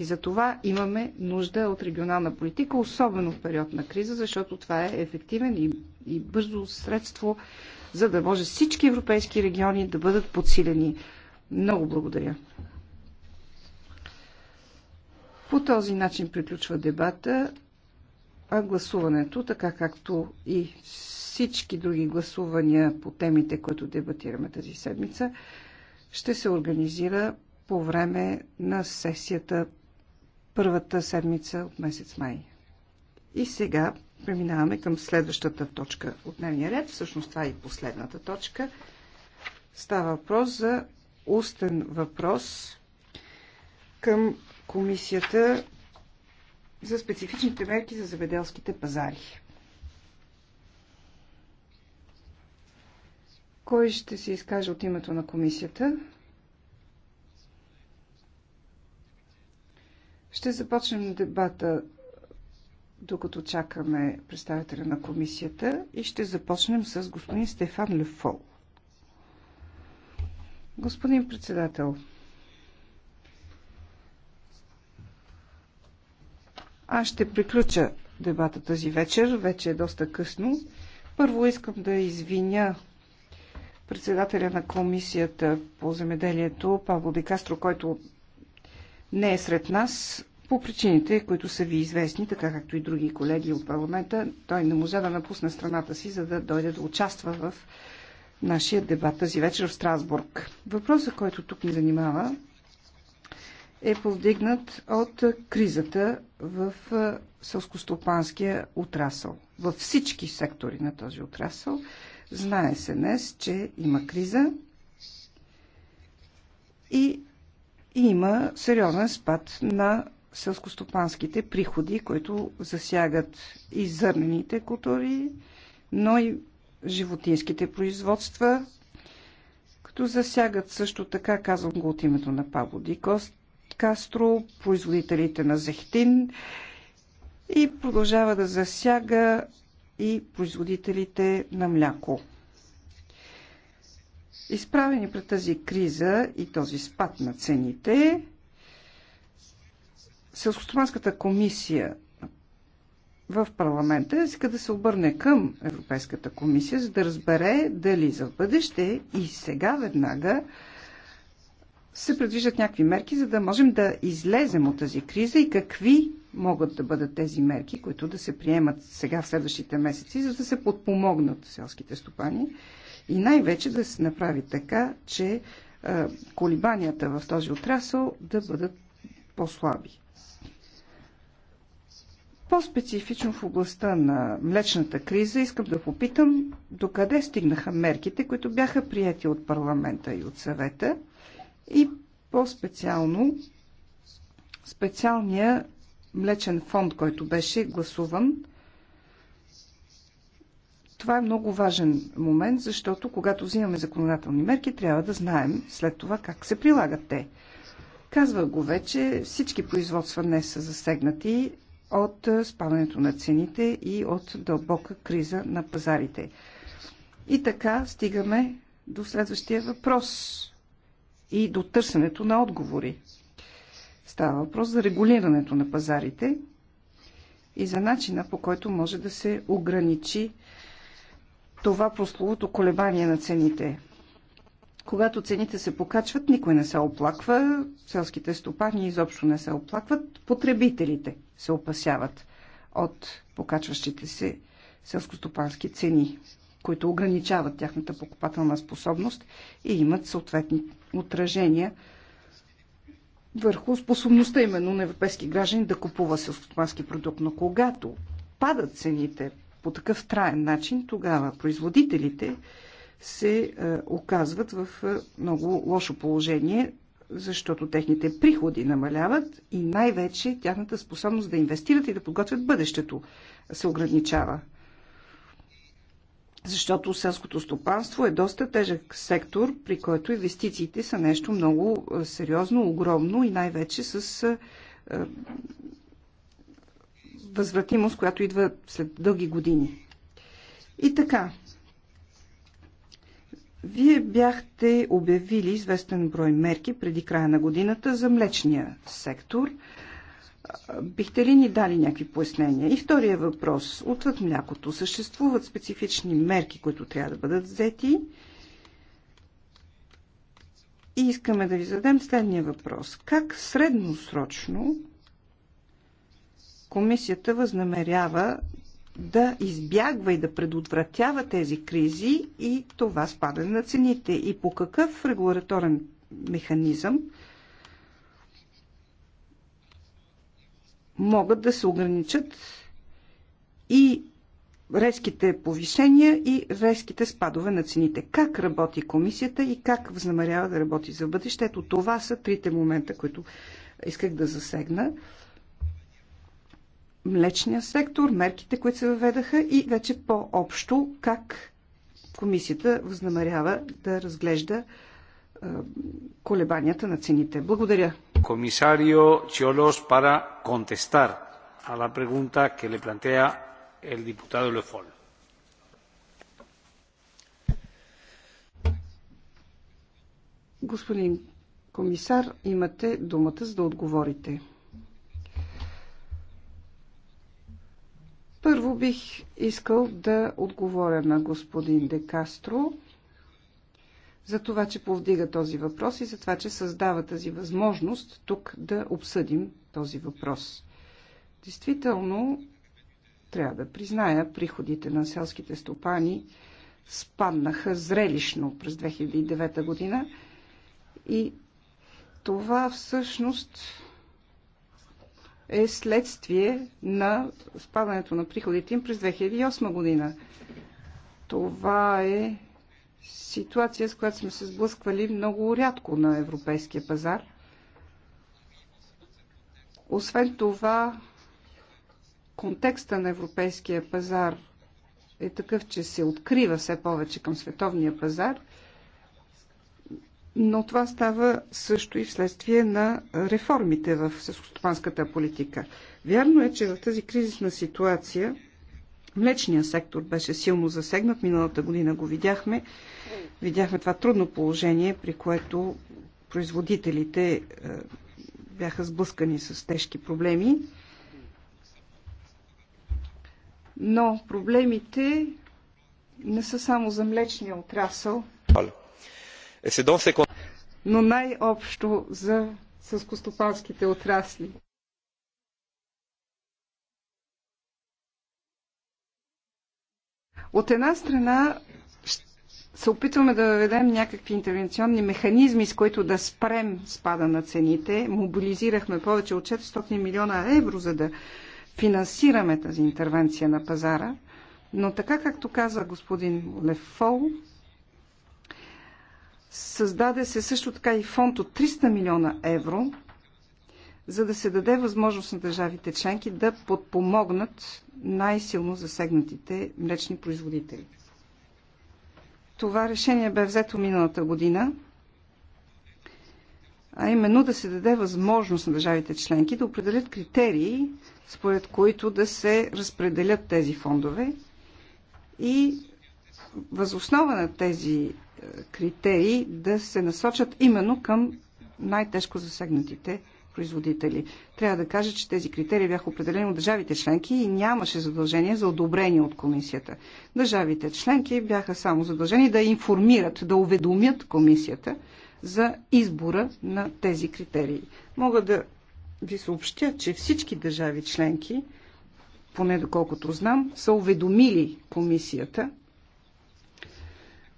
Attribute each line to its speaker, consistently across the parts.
Speaker 1: И За това имаме нужда от регионална политика, особено в период на криза, защото това е ефективен и, и бързо средство, за да може всички европейски региони да бъдат подсилени. Много благодаря. По този начин приключва дебата, а гласуването, така както и всички други гласувания по темите, които дебатираме тази седмица, ще се организира по време на сесията първата седмица от месец май. И сега преминаваме към следващата точка от дневния ред. Всъщност това е и последната точка. Става въпрос за устен въпрос към Комисията за специфичните мерки за заведелските пазари. Кой ще се изкаже от името на комисията? Ще започнем дебата, докато чакаме представителя на комисията и ще започнем с господин Стефан Лефол. Господин председател, аз ще приключа дебата тази вечер. Вече е доста късно. Първо искам да извиня председателя на комисията по земеделието Павло Дикастро, който не е сред нас по причините, които са ви известни, така както и други колеги от парламента, той не можа да напусне страната си, за да дойде да участва в нашия дебат тази вечер в Страсбург. Въпросът, който тук ни занимава, е повдигнат от кризата в сълскостопанския отрасъл. Във всички сектори на този отрасъл знае се днес, че има криза и има сериозен спад на селскостопанските приходи, които засягат и зърнените култури, но и животинските производства, като засягат също така, казвам го от името на Пабло Дикост, Кастро, производителите на зехтин и продължава да засяга и производителите на мляко. Изправени пред тази криза и този спад на цените, Селскостопанската комисия в парламента иска да се обърне към Европейската комисия, за да разбере дали за бъдеще и сега веднага се предвиждат някакви мерки, за да можем да излезем от тази криза и какви могат да бъдат тези мерки, които да се приемат сега в следващите месеци, за да се подпомогнат селските стопани и най-вече да се направи така, че колебанията в този отрасъл да бъдат по-слаби. По-специфично в областта на млечната криза искам да попитам докъде стигнаха мерките, които бяха прияти от парламента и от съвета и по-специално специалния млечен фонд, който беше гласуван. Това е много важен момент, защото когато взимаме законодателни мерки, трябва да знаем след това как се прилагат те. Казва го вече, всички производства днес са засегнати от е, спадането на цените и от дълбока криза на пазарите. И така стигаме до следващия въпрос и до търсенето на отговори. Става въпрос за регулирането на пазарите и за начина по който може да се ограничи това прословото колебание на цените. Когато цените се покачват, никой не се оплаква, селските стопани изобщо не се оплакват, потребителите се опасяват от покачващите се селскостопански цени, които ограничават тяхната покупателна способност и имат съответни отражения върху способността именно на европейски граждани да купува селскостопански продукт. Но когато падат цените по такъв траен начин, тогава производителите се е, оказват в е, много лошо положение, защото техните приходи намаляват и най-вече тяхната способност да инвестират и да подготвят бъдещето се ограничава. Защото селското стопанство е доста тежък сектор, при който инвестициите са нещо много е, сериозно, огромно и най-вече с възвратимост, която идва след дълги години. И така, вие бяхте обявили известен брой мерки преди края на годината за млечния сектор. Бихте ли ни дали някакви пояснения? И втория въпрос. Отвъд млякото съществуват специфични мерки, които трябва да бъдат взети. И искаме да ви зададем следния въпрос. Как средносрочно комисията възнамерява да избягва и да предотвратява тези кризи и това спадане на цените? И по какъв регулаторен механизъм могат да се ограничат и резките повишения и резките спадове на цените. Как работи комисията и как възнамерява да работи за бъдещето? Това са трите момента, които исках да засегна млечния сектор, мерките, които се въведаха и вече по-общо как комисията възнамерява да разглежда колебанията на цените. Благодаря.
Speaker 2: Комисарио Чиолос пара контестар a la pregunta que le plantea el diputado Le
Speaker 1: Господин комисар, имате думата за да отговорите. Първо бих искал да отговоря на господин Де Кастро за това, че повдига този въпрос и за това, че създава тази възможност тук да обсъдим този въпрос. Действително, трябва да призная, приходите на селските стопани спаднаха зрелищно през 2009 година и това всъщност е следствие на спадането на приходите им през 2008 година. Това е ситуация, с която сме се сблъсквали много рядко на европейския пазар. Освен това, контекста на европейския пазар е такъв, че се открива все повече към световния пазар – но това става също и вследствие на реформите в съскостопанската политика. Вярно е, че в тази кризисна ситуация млечният сектор беше силно засегнат. Миналата година го видяхме. Видяхме това трудно положение, при което производителите е, бяха сблъскани с тежки проблеми. Но проблемите не са само за млечния отрасъл. Е, но най-общо за съскостопанските отрасли. От една страна се опитваме да въведем някакви интервенционни механизми, с които да спрем спада на цените. Мобилизирахме повече от 400 милиона евро, за да финансираме тази интервенция на пазара. Но така, както каза господин Лефол, Създаде се също така и фонд от 300 милиона евро, за да се даде възможност на държавите членки да подпомогнат най-силно засегнатите млечни производители. Това решение бе взето миналата година, а именно да се даде възможност на държавите членки да определят критерии, според които да се разпределят тези фондове и възоснова на тези е, критерии да се насочат именно към най-тежко засегнатите производители. Трябва да кажа, че тези критерии бяха определени от държавите членки и нямаше задължение за одобрение от комисията. Държавите членки бяха само задължени да информират, да уведомят комисията за избора на тези критерии. Мога да ви съобщя, че всички държави членки, поне доколкото знам, са уведомили комисията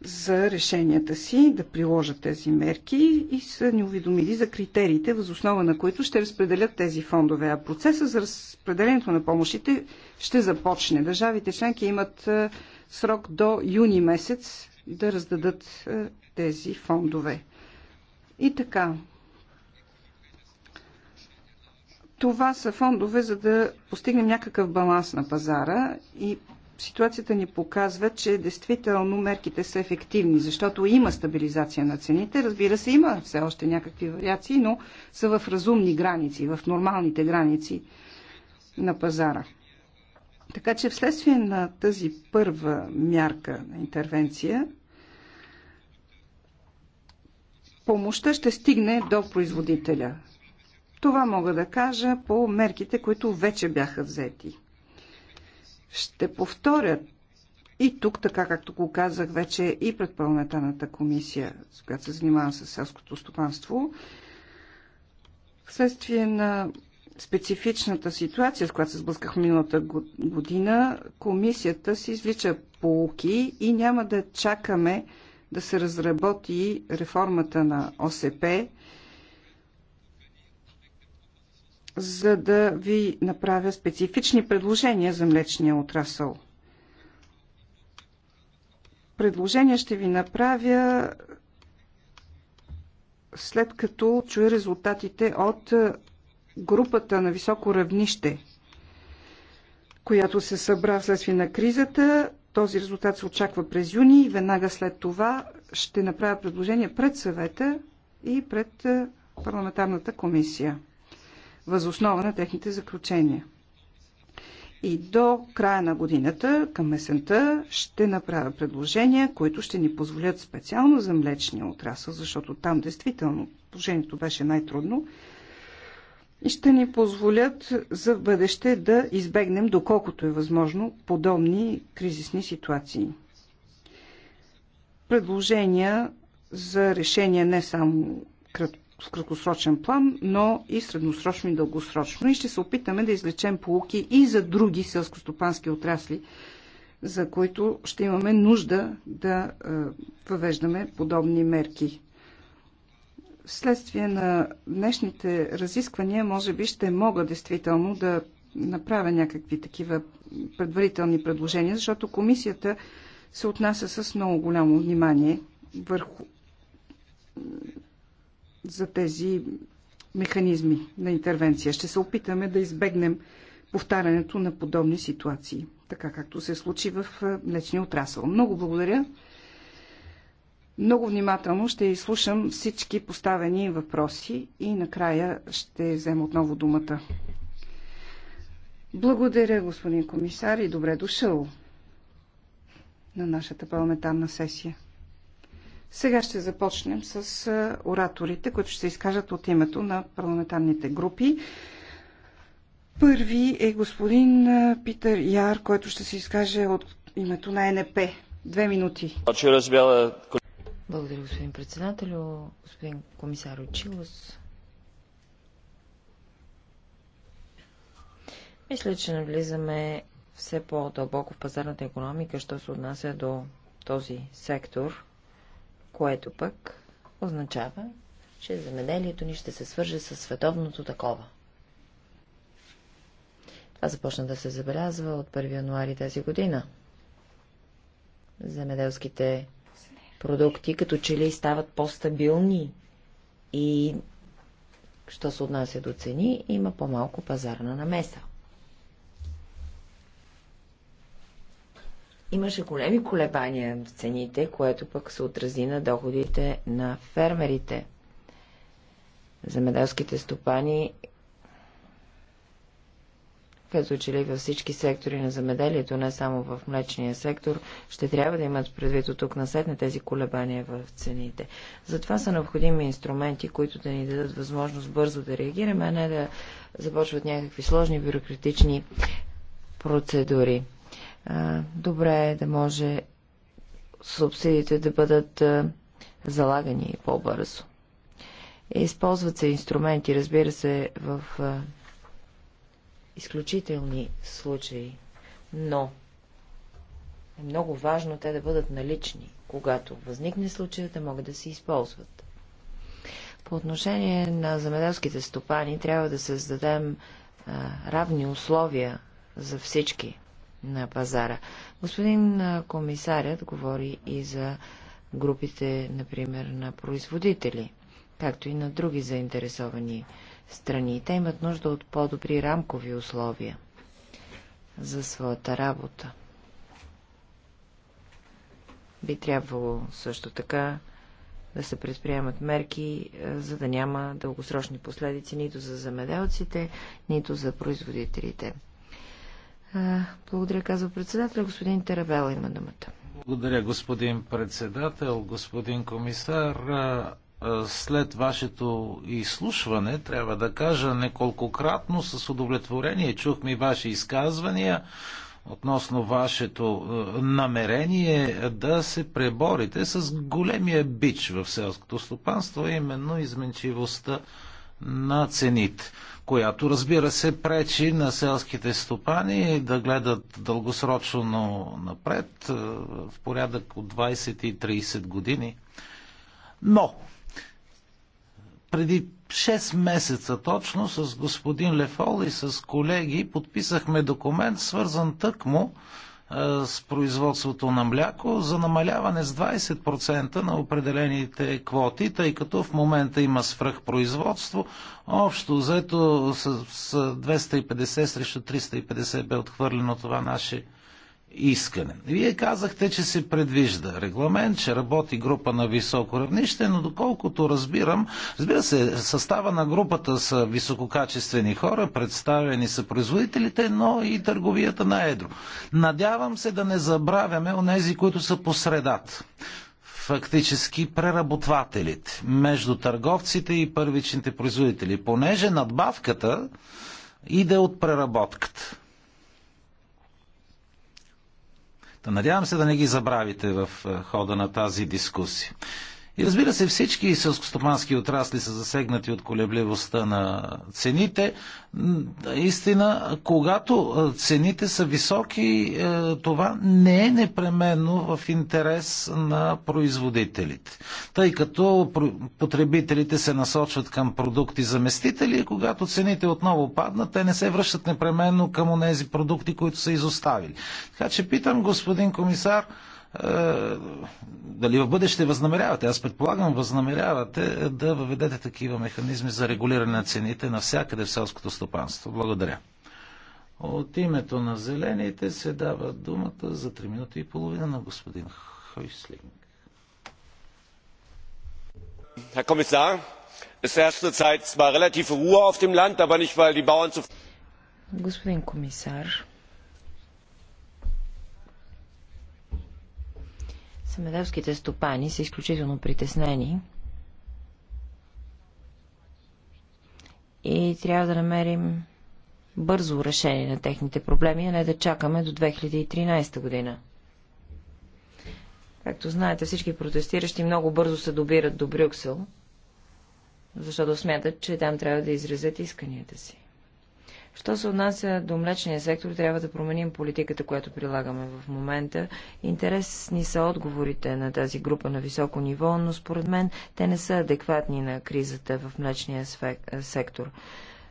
Speaker 1: за решенията си да приложат тези мерки и са ни уведомили за критериите, възоснова на които ще разпределят тези фондове. А процеса за разпределението на помощите ще започне. Държавите членки имат е, срок до юни месец да раздадат е, тези фондове. И така. Това са фондове, за да постигнем някакъв баланс на пазара и ситуацията ни показва, че действително мерките са ефективни, защото има стабилизация на цените. Разбира се, има все още някакви вариации, но са в разумни граници, в нормалните граници на пазара. Така че вследствие на тази първа мярка на интервенция, помощта ще стигне до производителя. Това мога да кажа по мерките, които вече бяха взети ще повторя и тук, така както го казах вече и пред парламентарната комисия, с която се занимавам с селското стопанство, вследствие на специфичната ситуация, с която се сблъскахме миналата година, комисията си извлича полуки и няма да чакаме да се разработи реформата на ОСП за да ви направя специфични предложения за млечния отрасъл. Предложения ще ви направя след като чуя резултатите от групата на високо равнище, която се събра вследствие на кризата. Този резултат се очаква през юни и веднага след това ще направя предложение пред съвета и пред парламентарната комисия възоснова на техните заключения. И до края на годината, към месента ще направя предложения, които ще ни позволят специално за млечния отрасъл, защото там действително положението беше най-трудно, и ще ни позволят за бъдеще да избегнем, доколкото е възможно, подобни кризисни ситуации. Предложения за решение не само в краткосрочен план, но и средносрочно и дългосрочно. И ще се опитаме да излечем полуки и за други селскостопански отрасли, за които ще имаме нужда да е, въвеждаме подобни мерки. Вследствие на днешните разисквания, може би ще мога действително да направя някакви такива предварителни предложения, защото комисията се отнася с много голямо внимание върху за тези механизми на интервенция. Ще се опитаме да избегнем повтарянето на подобни ситуации, така както се случи в млечния отрасъл. Много благодаря. Много внимателно ще изслушам всички поставени въпроси и накрая ще взема отново думата. Благодаря, господин комисар, и добре дошъл на нашата парламентарна сесия. Сега ще започнем с ораторите, които ще се изкажат от името на парламентарните групи. Първи е господин Питър Яр, който ще се изкаже от името на НП. Две минути. Благодаря, господин председател,
Speaker 3: господин комисар Очилос. Мисля, че навлизаме все по-дълбоко в пазарната економика, що се отнася до този сектор – което пък означава, че замеделието ни ще се свърже с световното такова. Това започна да се забелязва от 1 януари тази година. Земеделските продукти като че ли стават по-стабилни и, що се отнася до цени, има по-малко пазарна намеса. Имаше големи колебания в цените, което пък се отрази на доходите на фермерите. замеделските стопани като че ли във всички сектори на замеделието, не само в млечния сектор, ще трябва да имат предвид от тук на на тези колебания в цените. Затова са необходими инструменти, които да ни дадат възможност бързо да реагираме, а не да започват някакви сложни бюрократични процедури добре е да може субсидиите да бъдат залагани по-бързо. Използват се инструменти, разбира се, в изключителни случаи, но е много важно те да бъдат налични, когато възникне случай, да могат да се използват. По отношение на замеделските стопани трябва да създадем а, равни условия за всички на пазара. Господин комисарят говори и за групите, например, на производители, както и на други заинтересовани страни. Те имат нужда от по-добри рамкови условия за своята работа. Би трябвало също така да се предприемат мерки, е, за да няма дългосрочни последици нито за замеделците, нито за производителите. Благодаря, казва председател. Господин Терабела
Speaker 2: има думата. Благодаря, господин председател, господин комисар. След вашето изслушване, трябва да кажа, неколкократно с удовлетворение чухме ваши изказвания относно вашето намерение да се преборите с големия бич в селското стопанство, именно изменчивостта на цените, която разбира се пречи на селските стопани да гледат дългосрочно напред е, в порядък от 20 и 30 години. Но преди 6 месеца точно с господин Лефол и с колеги подписахме документ, свързан тъкмо е, с производството на мляко за намаляване с 20% на определените квоти, тъй като в момента има свръхпроизводство. Общо взето с 250 срещу 350 бе отхвърлено това наше искане. Вие казахте, че се предвижда регламент, че работи група на високо равнище, но доколкото разбирам, разбира се, състава на групата са висококачествени хора, представени са производителите, но и търговията на едро. Надявам се да не забравяме онези, които са по средата фактически преработвателите между търговците и първичните производители, понеже надбавката иде от преработката. Та надявам се да не ги забравите в е, хода на тази дискусия. И разбира се, всички селскостопански отрасли са засегнати от колебливостта на цените. Истина, когато цените са високи, е, това не е непременно в интерес на производителите, тъй като потребителите се насочват към продукти заместители и когато цените отново паднат, те не се връщат непременно към тези продукти, които са изоставили. Така че питам, господин комисар, е, дали в бъдеще възнамерявате, аз предполагам, възнамерявате да въведете такива механизми за регулиране на цените навсякъде в селското стопанство. Благодаря. От името на зелените се дава думата за 3 минути и половина на господин Хойслинг. Herr Kommissar, es herrscht zurzeit zwar relative Ruhe auf dem Land, aber nicht, weil die Bauern zu...
Speaker 1: Господин комисар,
Speaker 3: Семеделските стопани са изключително притеснени и трябва да намерим бързо решение на техните проблеми, а не да чакаме до 2013 година. Както знаете, всички протестиращи много бързо се добират до Брюксел, защото смятат, че там трябва да изразят исканията си. Що се отнася до млечния сектор, трябва да променим политиката, която прилагаме в момента. Интересни са отговорите на тази група на високо ниво, но според мен те не са адекватни на кризата в млечния сектор.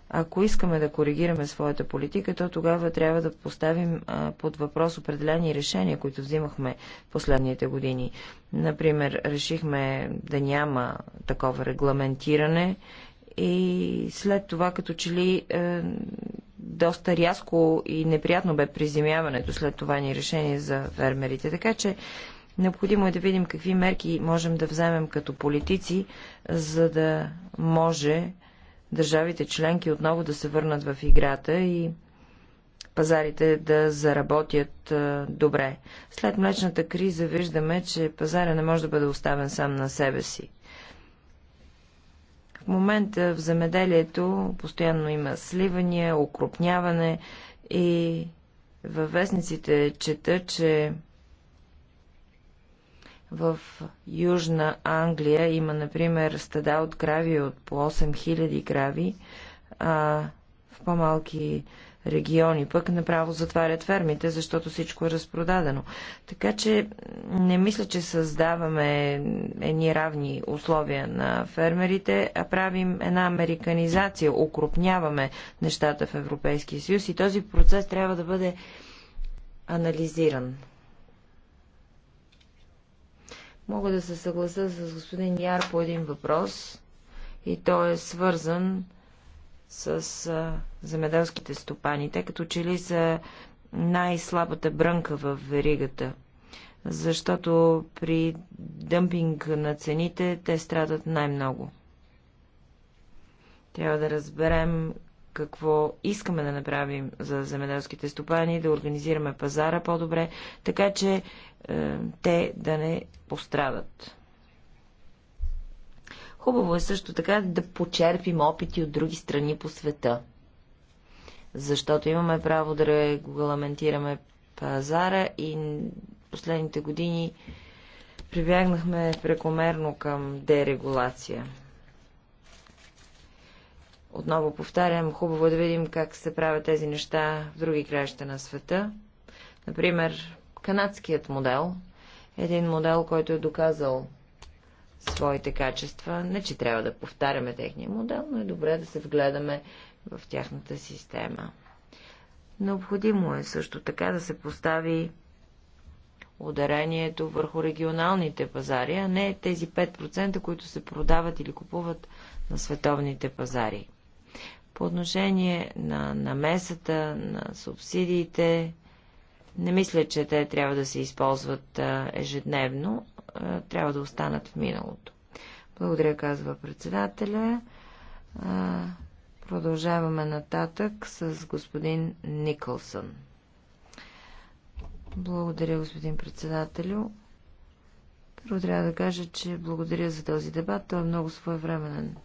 Speaker 3: Ако искаме да коригираме своята политика, то тогава трябва да поставим под въпрос определени решения, които взимахме в последните години. Например, решихме да няма такова регламентиране, и след това, като че ли е, доста рязко и неприятно бе приземяването след това ни решение за фермерите. Така че необходимо е да видим какви мерки можем да вземем като политици, за да може държавите членки отново да се върнат в играта и пазарите да заработят е, добре. След млечната криза виждаме, че пазара не може да бъде оставен сам на себе си. В момента в земеделието постоянно има сливания, укрупняване и във вестниците чета, че в Южна Англия има, например, стада от крави от по 8000 крави, а в по-малки региони пък направо затварят фермите, защото всичко е разпродадено. Така че не мисля, че създаваме едни равни условия на фермерите, а правим една американизация, укрупняваме нещата в Европейския съюз и този процес трябва да бъде анализиран. Мога да се съгласа с господин Яр по един въпрос и той е свързан с земеделските стопани. тъй като че ли са най-слабата брънка в веригата, защото при дъмпинг на цените те страдат най-много. Трябва да разберем какво искаме да направим за земеделските стопани, да организираме пазара по-добре, така че е, те да не пострадат. Хубаво е също така да почерпим опити от други страни по света, защото имаме право да регламентираме пазара и последните години прибягнахме прекомерно към дерегулация. Отново повтарям, хубаво е да видим как се правят тези неща в други краища на света. Например, канадският модел, е един модел, който е доказал своите качества. Не, че трябва да повтаряме техния модел, но е добре да се вгледаме в тяхната система. Необходимо е също така да се постави ударението върху регионалните пазари, а не тези 5%, които се продават или купуват на световните пазари. По отношение на намесата, на субсидиите, не мисля, че те трябва да се използват ежедневно, е, трябва да останат в миналото. Благодаря, казва председателя. Е, продължаваме нататък с господин Николсън. Благодаря, господин председателю. Първо трябва да кажа, че благодаря за този дебат. Той е много своевременен.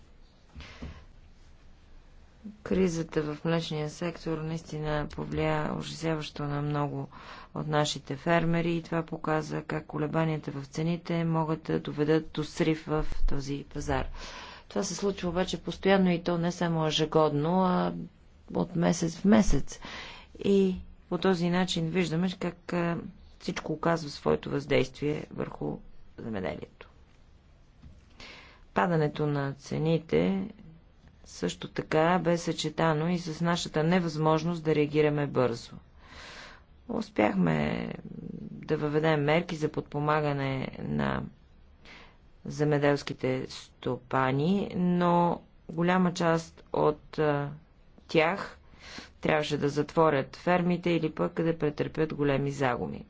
Speaker 3: Кризата в млечния сектор наистина повлия ужасяващо на много от нашите фермери и това показа как колебанията в цените могат да доведат до срив в този пазар. Това се случва обаче постоянно и то не само ежегодно, а от месец в месец. И по този начин виждаме как всичко оказва своето въздействие върху земеделието. Падането на цените също така бе съчетано и с нашата невъзможност да реагираме бързо. Успяхме да въведем мерки за подпомагане на земеделските стопани, но голяма част от тях трябваше да затворят фермите или пък да претърпят големи загуми.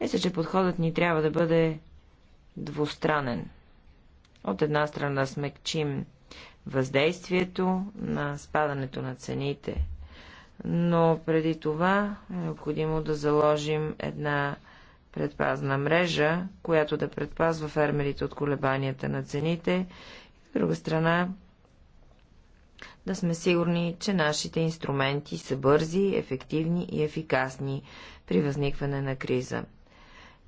Speaker 3: Мисля, че подходът ни трябва да бъде двустранен. От една страна смекчим въздействието на спадането на цените. Но преди това е необходимо да заложим една предпазна мрежа, която да предпазва фермерите от колебанията на цените. От друга страна, да сме сигурни, че нашите инструменти са бързи, ефективни и ефикасни при възникване на криза.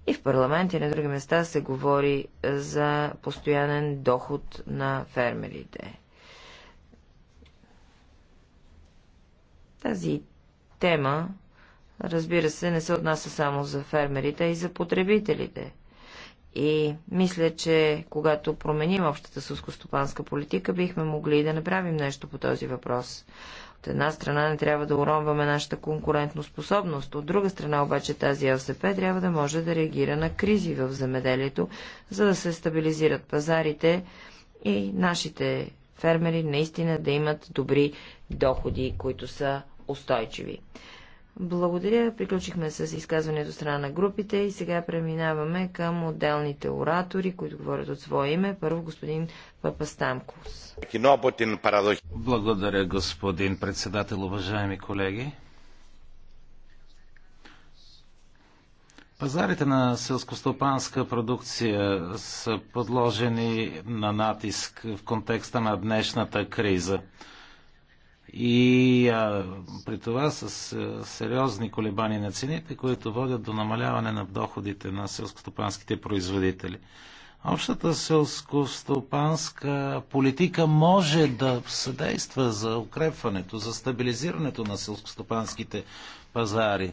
Speaker 3: И в парламент и на други места се говори за постоянен доход на фермерите. Тази тема, разбира се, не се отнася само за фермерите, а и за потребителите. И мисля, че когато променим общата сълскостопанска политика, бихме могли да направим нещо по този въпрос. От една страна не трябва да уронваме нашата конкурентно способност, от друга страна обаче тази ОСП трябва да може да реагира на кризи в земеделието, за да се стабилизират пазарите и нашите фермери наистина да имат добри доходи, които са устойчиви. Благодаря. Приключихме с изказването от страна на групите и сега преминаваме към отделните оратори, които говорят от свое име. Първо господин Папастамкус.
Speaker 2: Благодаря, господин председател, уважаеми колеги. Пазарите на селскостопанска продукция са подложени на натиск в контекста на днешната криза – и а, при това с а, сериозни колебания на цените, които водят до намаляване на доходите на селскостопанските производители. Общата селскостопанска политика може да съдейства за укрепването, за стабилизирането на селскостопанските пазари. Е,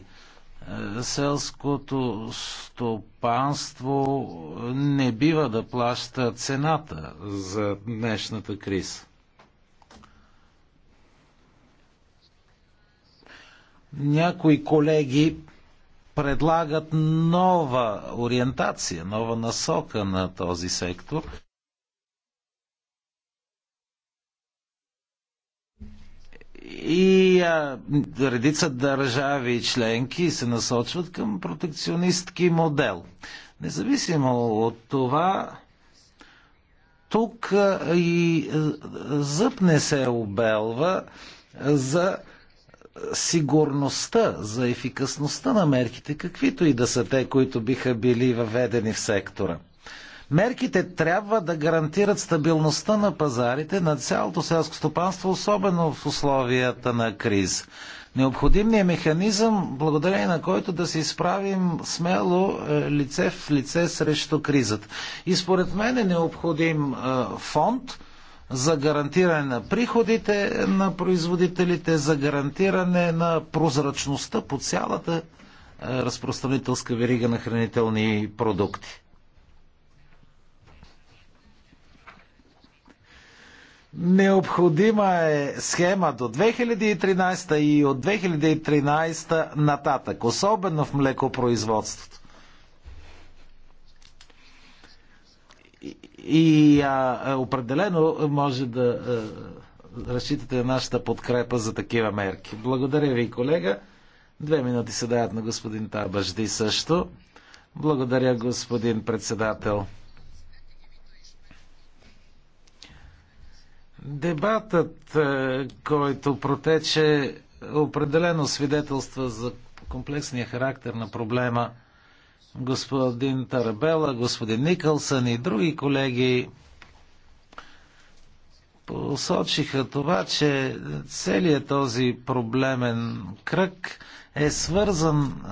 Speaker 2: селското стопанство не бива да плаща цената за днешната криза. Някои колеги предлагат нова ориентация, нова насока на този сектор. И а, редица държави и членки се насочват към протекционистки модел. Независимо от това, тук и зъб не се обелва за сигурността, за ефикасността на мерките, каквито и да са те, които биха били въведени в сектора. Мерките трябва да гарантират стабилността на пазарите на цялото селско стопанство, особено в условията на криз. Необходимният е механизъм, благодарение на който да се изправим смело е, лице в лице срещу кризата. И според мен е необходим е, фонд, за гарантиране на приходите на производителите, за гарантиране на прозрачността по цялата е, разпространителска верига на хранителни продукти. Необходима е схема до 2013 и от 2013 нататък, особено в млекопроизводството. И а, е, определено може да а, е, разчитате на нашата подкрепа за такива мерки. Благодаря ви, колега. Две минути се дават на господин Табажди също. Благодаря, господин председател. Дебатът, е, който протече, определено свидетелства за комплексния характер на проблема – господин Тарабела, господин Никълсън и други колеги посочиха това, че целият този проблемен кръг е свързан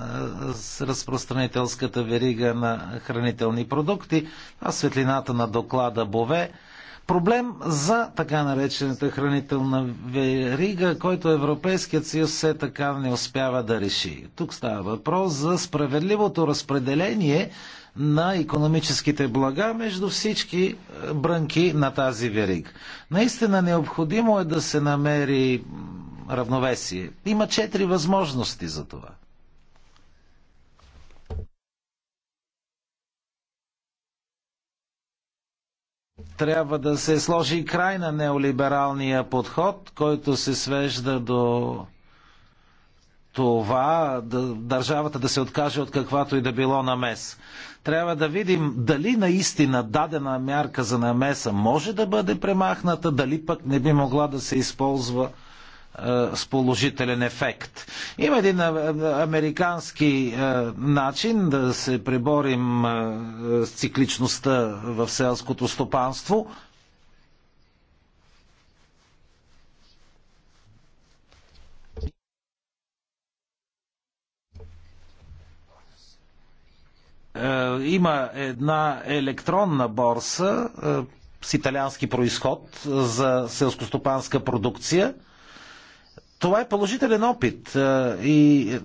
Speaker 2: е, с разпространителската верига на хранителни продукти, а светлината на доклада Бове – проблем за така наречената хранителна верига, който Европейският съюз все така не успява да реши. Тук става въпрос за справедливото разпределение на економическите блага между всички е, брънки на тази верига. Наистина необходимо е да се намери равновесие. Има четири възможности за това. трябва да се сложи край на неолибералния подход, който се свежда до това да, държавата да се откаже от каквато и да било намес. Трябва да видим дали наистина дадена мярка за намеса може да бъде премахната, дали пък не би могла да се използва е, с положителен ефект. Има един е, американски е, начин да се преборим с цикличността в селското стопанство. Има една електронна борса с италиански происход за селскостопанска продукция – това е положителен опит и е,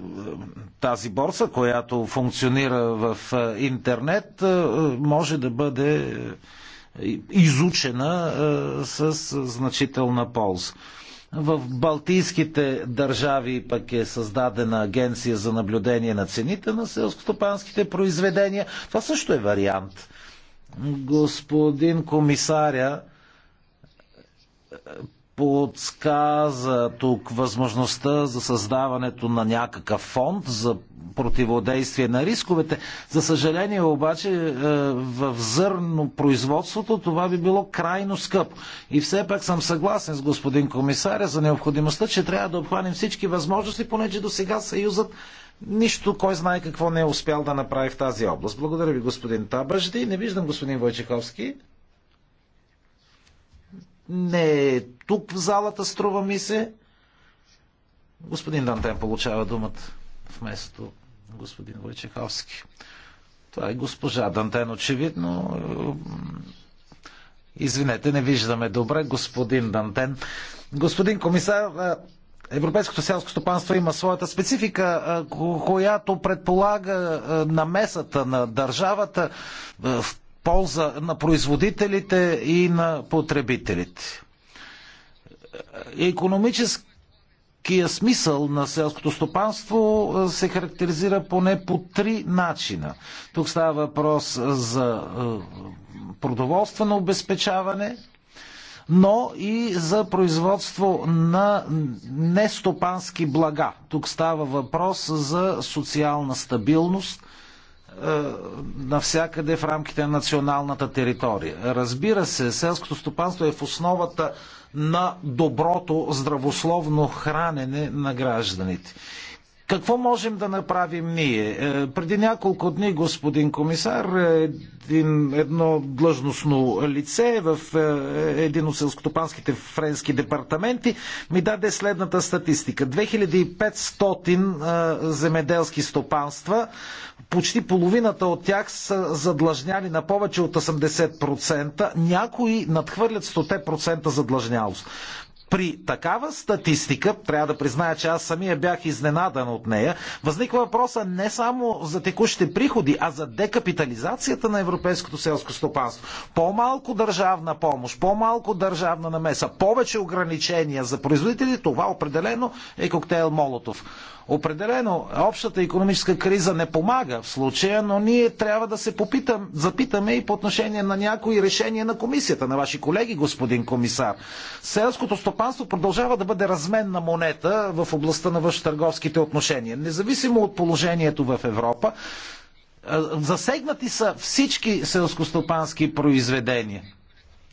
Speaker 2: тази борса, която функционира в интернет, може да бъде е, изучена с значителна полза. В Балтийските държави пък е създадена агенция за наблюдение на цените на селскостопанските произведения. Това също е вариант. Господин комисаря подсказа тук възможността за създаването на някакъв фонд за противодействие на рисковете. За съжаление обаче е, в зърно производството това би било крайно скъпо. И все пак съм съгласен с господин комисаря за необходимостта, че трябва да обхванем всички възможности, понеже до сега Съюзът нищо, кой знае какво не е успял да направи в тази област. Благодаря ви, господин Табажди. Не виждам господин Войчеховски не е тук в залата, струва ми се. Господин Дантен получава думата вместо господин Войчеховски. Това е госпожа Дантен, очевидно. Извинете, не виждаме добре. Господин Дантен. Господин комисар, Европейското селско стопанство има своята специфика, която предполага намесата на държавата в полза на производителите и на потребителите. Економическия смисъл на селското стопанство се характеризира поне по три начина. Тук става въпрос за продоволствено обезпечаване, но и за производство на нестопански блага. Тук става въпрос за социална стабилност – е, навсякъде в рамките на националната територия. Разбира се, селското стопанство е в основата на доброто здравословно хранене на гражданите. Какво можем да направим ние? Е, преди няколко дни, господин комисар, един, едно длъжностно лице в е, един от селскотопанските френски департаменти ми даде следната статистика. 2500 земеделски стопанства почти половината от тях са задлъжняли на повече от 80%, някои надхвърлят 100% задлъжнялост. При такава статистика, трябва да призная, че аз самия бях изненадан от нея, възниква въпроса не само за текущите приходи, а за декапитализацията на европейското селско стопанство. По-малко държавна помощ, по-малко държавна намеса, повече ограничения за производители, това определено е коктейл Молотов. Определено, общата економическа криза не помага в случая, но ние трябва да се попитам, запитаме и по отношение на някои решения на комисията, на ваши колеги, господин комисар. Селското стопанство продължава да бъде разменна монета в областта на външно-търговските отношения. Независимо от положението в Европа, засегнати са всички селскостопански произведения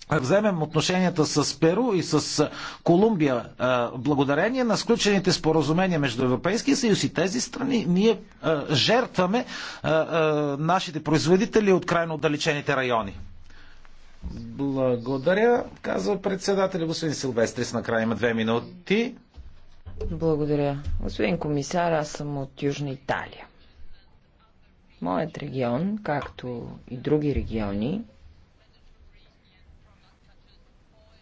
Speaker 2: вземем отношенията с Перу и с Колумбия, благодарение на сключените споразумения между Европейския съюз и тези страни, ние жертваме нашите производители от крайно отдалечените райони. Благодаря, казва председателя господин Силвестрис. Накрая има две минути.
Speaker 3: Благодаря. Господин комисар, аз съм от Южна Италия. Моят регион, както и други региони,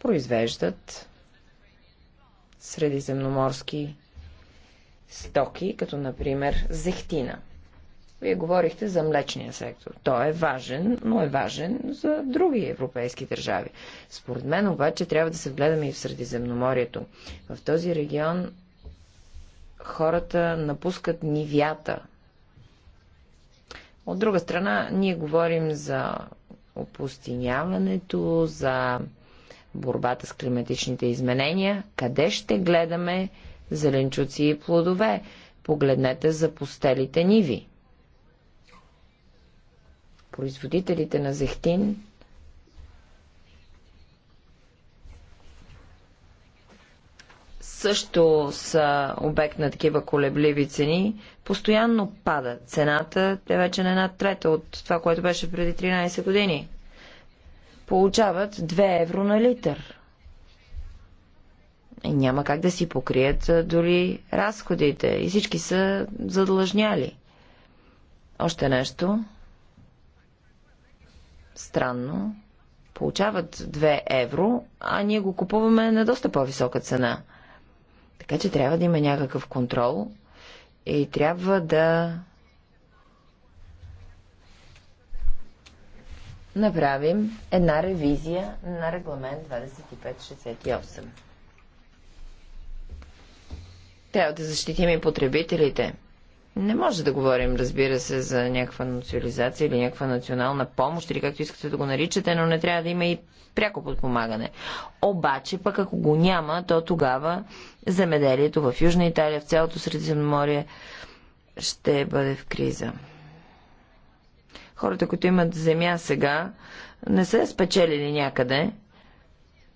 Speaker 3: произвеждат средиземноморски стоки, като например зехтина. Вие говорихте за млечния сектор. Той е важен, но е важен за други европейски държави. Според мен обаче трябва да се вгледаме и в Средиземноморието. В този регион хората напускат нивята. От друга страна, ние говорим за опустиняването, за борбата с климатичните изменения, къде ще гледаме зеленчуци и плодове? Погледнете за постелите ниви. Производителите на зехтин също са обект на такива колебливи цени, постоянно пада цената. Те вече на една трета от това, което беше преди 13 години получават 2 евро на литър. И няма как да си покрият дори разходите. И всички са задлъжняли. Още нещо. Странно. Получават 2 евро, а ние го купуваме на доста по-висока цена. Така че трябва да има някакъв контрол и трябва да направим една ревизия на регламент 2568. Трябва да защитим и потребителите. Не може да говорим, разбира се, за някаква национализация или някаква национална помощ, или както искате да го наричате, но не трябва да има и пряко подпомагане. Обаче, пък ако го няма, то тогава земеделието в Южна Италия, в цялото Средиземноморие ще бъде в криза. Хората, които имат земя сега, не са я спечелили някъде,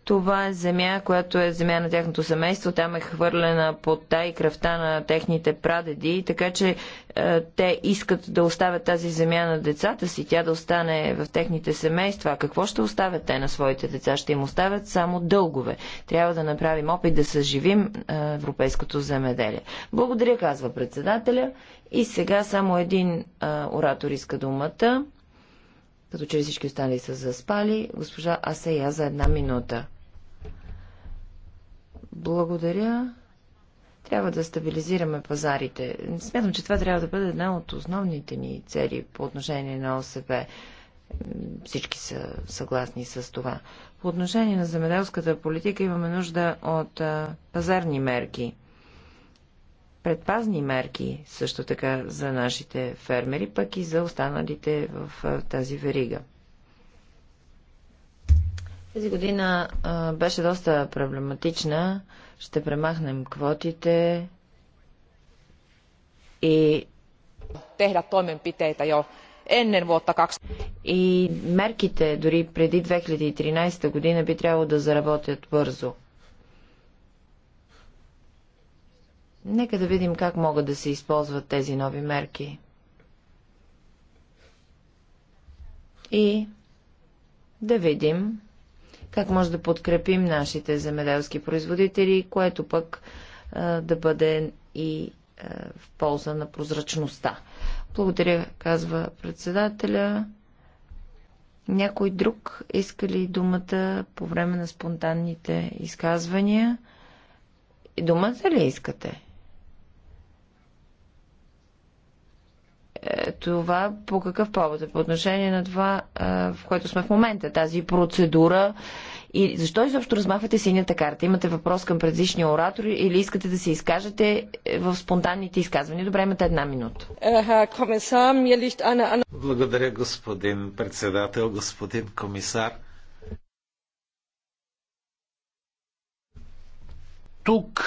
Speaker 3: това е земя, която е земя на тяхното семейство. Там е хвърлена под и кръвта на техните прадеди, така че е, те искат да оставят тази земя на децата си, тя да остане в техните семейства. А какво ще оставят те на своите деца? Ще им оставят само дългове. Трябва да направим опит да съживим е, европейското земеделие. Благодаря, казва председателя. И сега само един е, оратор иска думата. Като че всички останали са заспали, госпожа Асея за една минута. Благодаря. Трябва да стабилизираме пазарите. Смятам, че това трябва да бъде една от основните ни цели по отношение на ОСП. Всички са съгласни с това. По отношение на земеделската политика имаме нужда от пазарни мерки предпазни мерки също така за нашите фермери, пък и за останалите в тази верига. Тази година а, беше доста проблематична. Ще премахнем квотите и
Speaker 1: tehdä toimenpiteitä jo ennen
Speaker 3: vuotta 2000. И мерките дори преди 2013 година би трябвало да заработят бързо. Нека да видим как могат да се използват тези нови мерки. И да видим как може да подкрепим нашите земеделски производители, което пък а, да бъде и а, в полза на прозрачността. Благодаря, казва председателя. Някой друг иска ли думата по време на спонтанните изказвания? Думата ли искате? това по какъв повод е? По отношение на това, в което сме в момента, тази процедура. И защо изобщо размахвате синята карта? Имате въпрос към предишния оратор или искате да се изкажете е, в спонтанните изказвания? Добре, имате една минута. Е,
Speaker 2: Благодаря, господин председател, господин комисар. Тук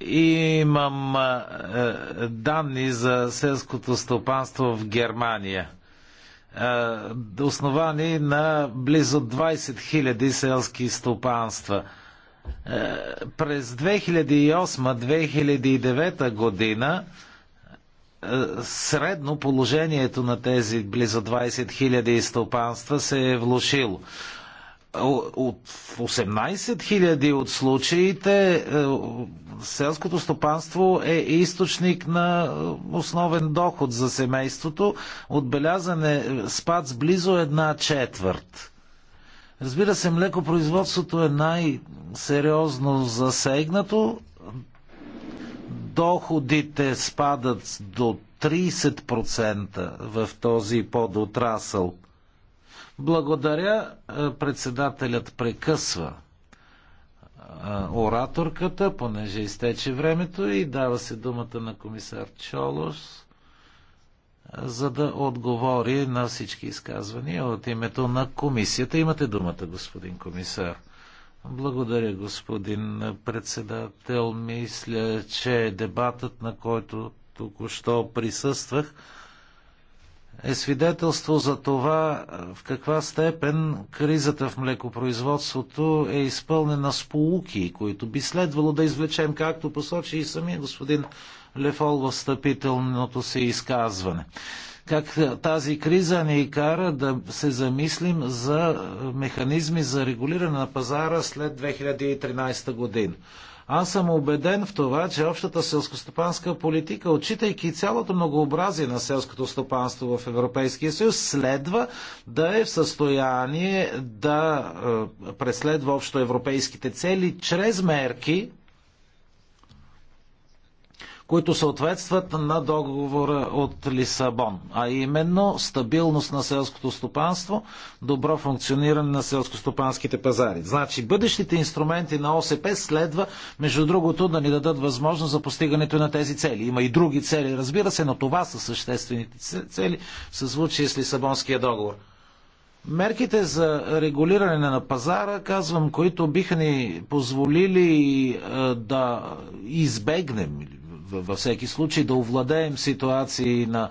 Speaker 2: Имам е, данни за селското стопанство в Германия е, основани на близо 20 000 селски стопанства. Е, през 2008-2009 година средно положението на тези близо 20 000 стопанства се е влушило от 18 000 от случаите е, селското стопанство е източник на е, основен доход за семейството. Отбелязан е спад с близо една четвърт. Разбира се, млекопроизводството е най-сериозно засегнато. Доходите спадат до 30% в този подотрасъл. Благодаря. Е, председателят прекъсва е, ораторката, понеже изтече времето и дава се думата на комисар Чолос, е, за да отговори на всички изказвания от името на комисията. Имате думата, господин комисар. Благодаря, господин председател. Мисля, че дебатът, на който току-що присъствах, е свидетелство за това в каква степен кризата в млекопроизводството е изпълнена с полуки, които би следвало да извлечем, както посочи и самия господин Лефол в стъпителното си изказване. Как тази криза ни кара да се замислим за механизми за регулиране на пазара след 2013 година. Аз съм убеден в това, че общата селскостопанска политика, отчитайки цялото многообразие на селското стопанство в Европейския съюз, следва да е в състояние да е, преследва общо европейските цели чрез мерки, които съответстват на договора от Лисабон, а именно стабилност на селското стопанство, добро функциониране на селскостопанските пазари. Значи, бъдещите инструменти на ОСП следва, между другото, да ни дадат възможност за постигането на тези цели. Има и други цели, разбира се, но това са съществените цели в съзвучие с Лисабонския договор. Мерките за регулиране на пазара, казвам, които биха ни позволили да избегнем или във всеки случай да овладеем ситуации на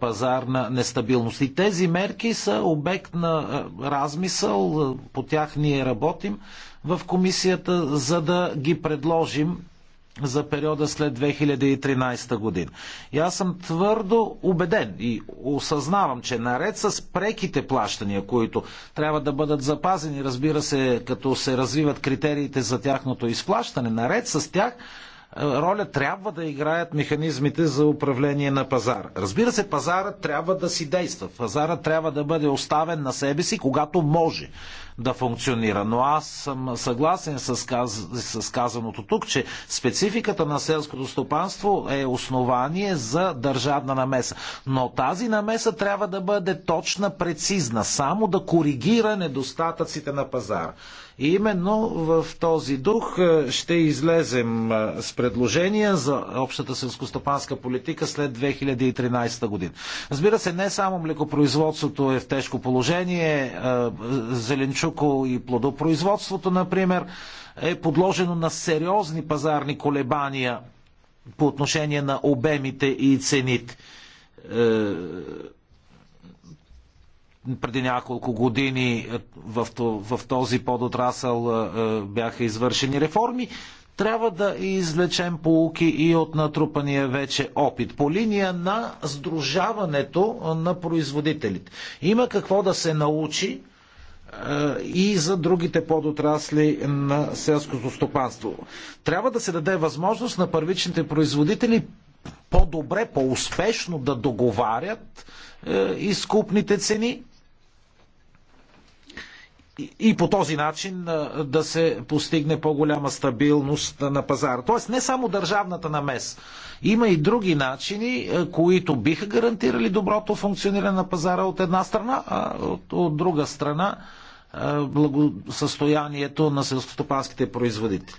Speaker 2: пазарна нестабилност. И тези мерки са обект на размисъл, по тях ние работим в комисията, за да ги предложим за периода след 2013 година. И аз съм твърдо убеден и осъзнавам, че наред с преките плащания, които трябва да бъдат запазени, разбира се, като се развиват критериите за тяхното изплащане, наред с тях роля трябва да играят механизмите за управление на пазара. Разбира се, пазарът трябва да си действа. Пазарът трябва да бъде оставен на себе си, когато може да функционира. Но аз съм съгласен с, каз... с казаното тук, че спецификата на селското стопанство е основание за държавна намеса. Но тази намеса трябва да бъде точна, прецизна, само да коригира недостатъците на пазара. И именно в този дух е, ще излезем е, с предложения за общата селскостопанска политика след 2013 година. Разбира се, не само млекопроизводството е в тежко положение, е, зеленчуко и плодопроизводството, например, е подложено на сериозни пазарни колебания по отношение на обемите и цените преди няколко години е, в, този подотрасъл е, е, бяха извършени реформи. Трябва да излечем полуки и от натрупания вече опит по линия на сдружаването на производителите. Има какво да се научи и за другите подотрасли на селското стопанство. Трябва да се даде възможност на първичните производители по-добре, по-успешно да договарят изкупните цени и по този начин да се постигне по-голяма стабилност на пазара. Тоест не само държавната намес. Има и други начини, които биха гарантирали доброто функциониране на пазара от една страна, а от, от друга страна благосъстоянието на селскостопанските производители.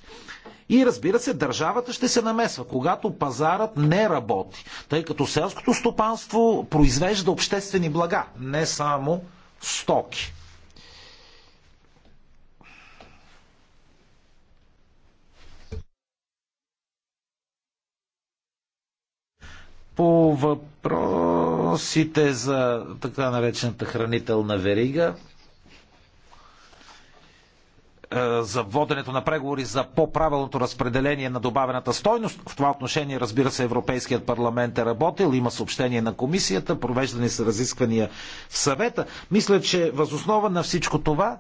Speaker 2: И разбира се, държавата ще се намесва, когато пазарът не работи, тъй като селското стопанство произвежда обществени блага, не само стоки. По въпросите за така наречената хранителна верига, е, за воденето на преговори за по-правилното разпределение на добавената стойност. В това отношение, разбира се, Европейският парламент е работил, има съобщение на комисията, провеждани са разисквания в съвета. Мисля, че възоснова на всичко това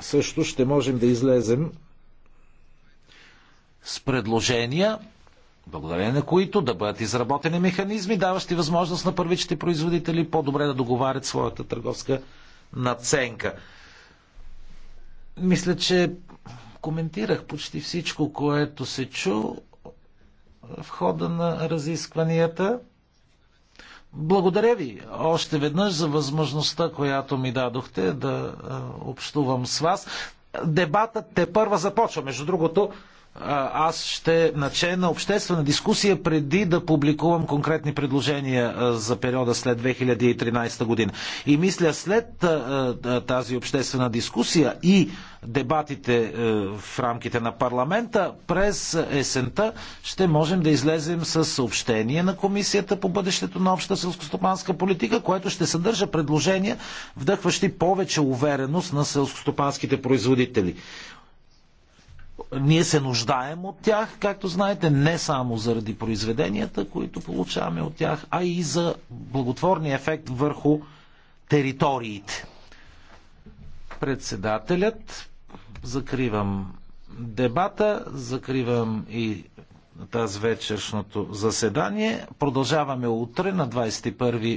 Speaker 2: също ще можем да излезем с предложения благодарение на които да бъдат изработени механизми, даващи възможност на първичните производители по-добре да договарят своята търговска наценка. Мисля, че коментирах почти всичко, което се чу в хода на разискванията. Благодаря ви още веднъж за възможността, която ми дадохте да общувам с вас. Дебатът те първа започва. Между другото, аз ще начена обществена дискусия преди да публикувам конкретни предложения за периода след 2013 година. И мисля след тази обществена дискусия и дебатите е, в рамките на парламента, през есента ще можем да излезем с съобщение на Комисията по бъдещето на обща селскостопанска политика, което ще съдържа предложения, вдъхващи повече увереност на селскостопанските производители. Ние се нуждаем от тях, както знаете, не само заради произведенията, които получаваме от тях, а и за благотворния ефект върху териториите. Председателят, закривам дебата, закривам и тази вечершното заседание. Продължаваме утре на 21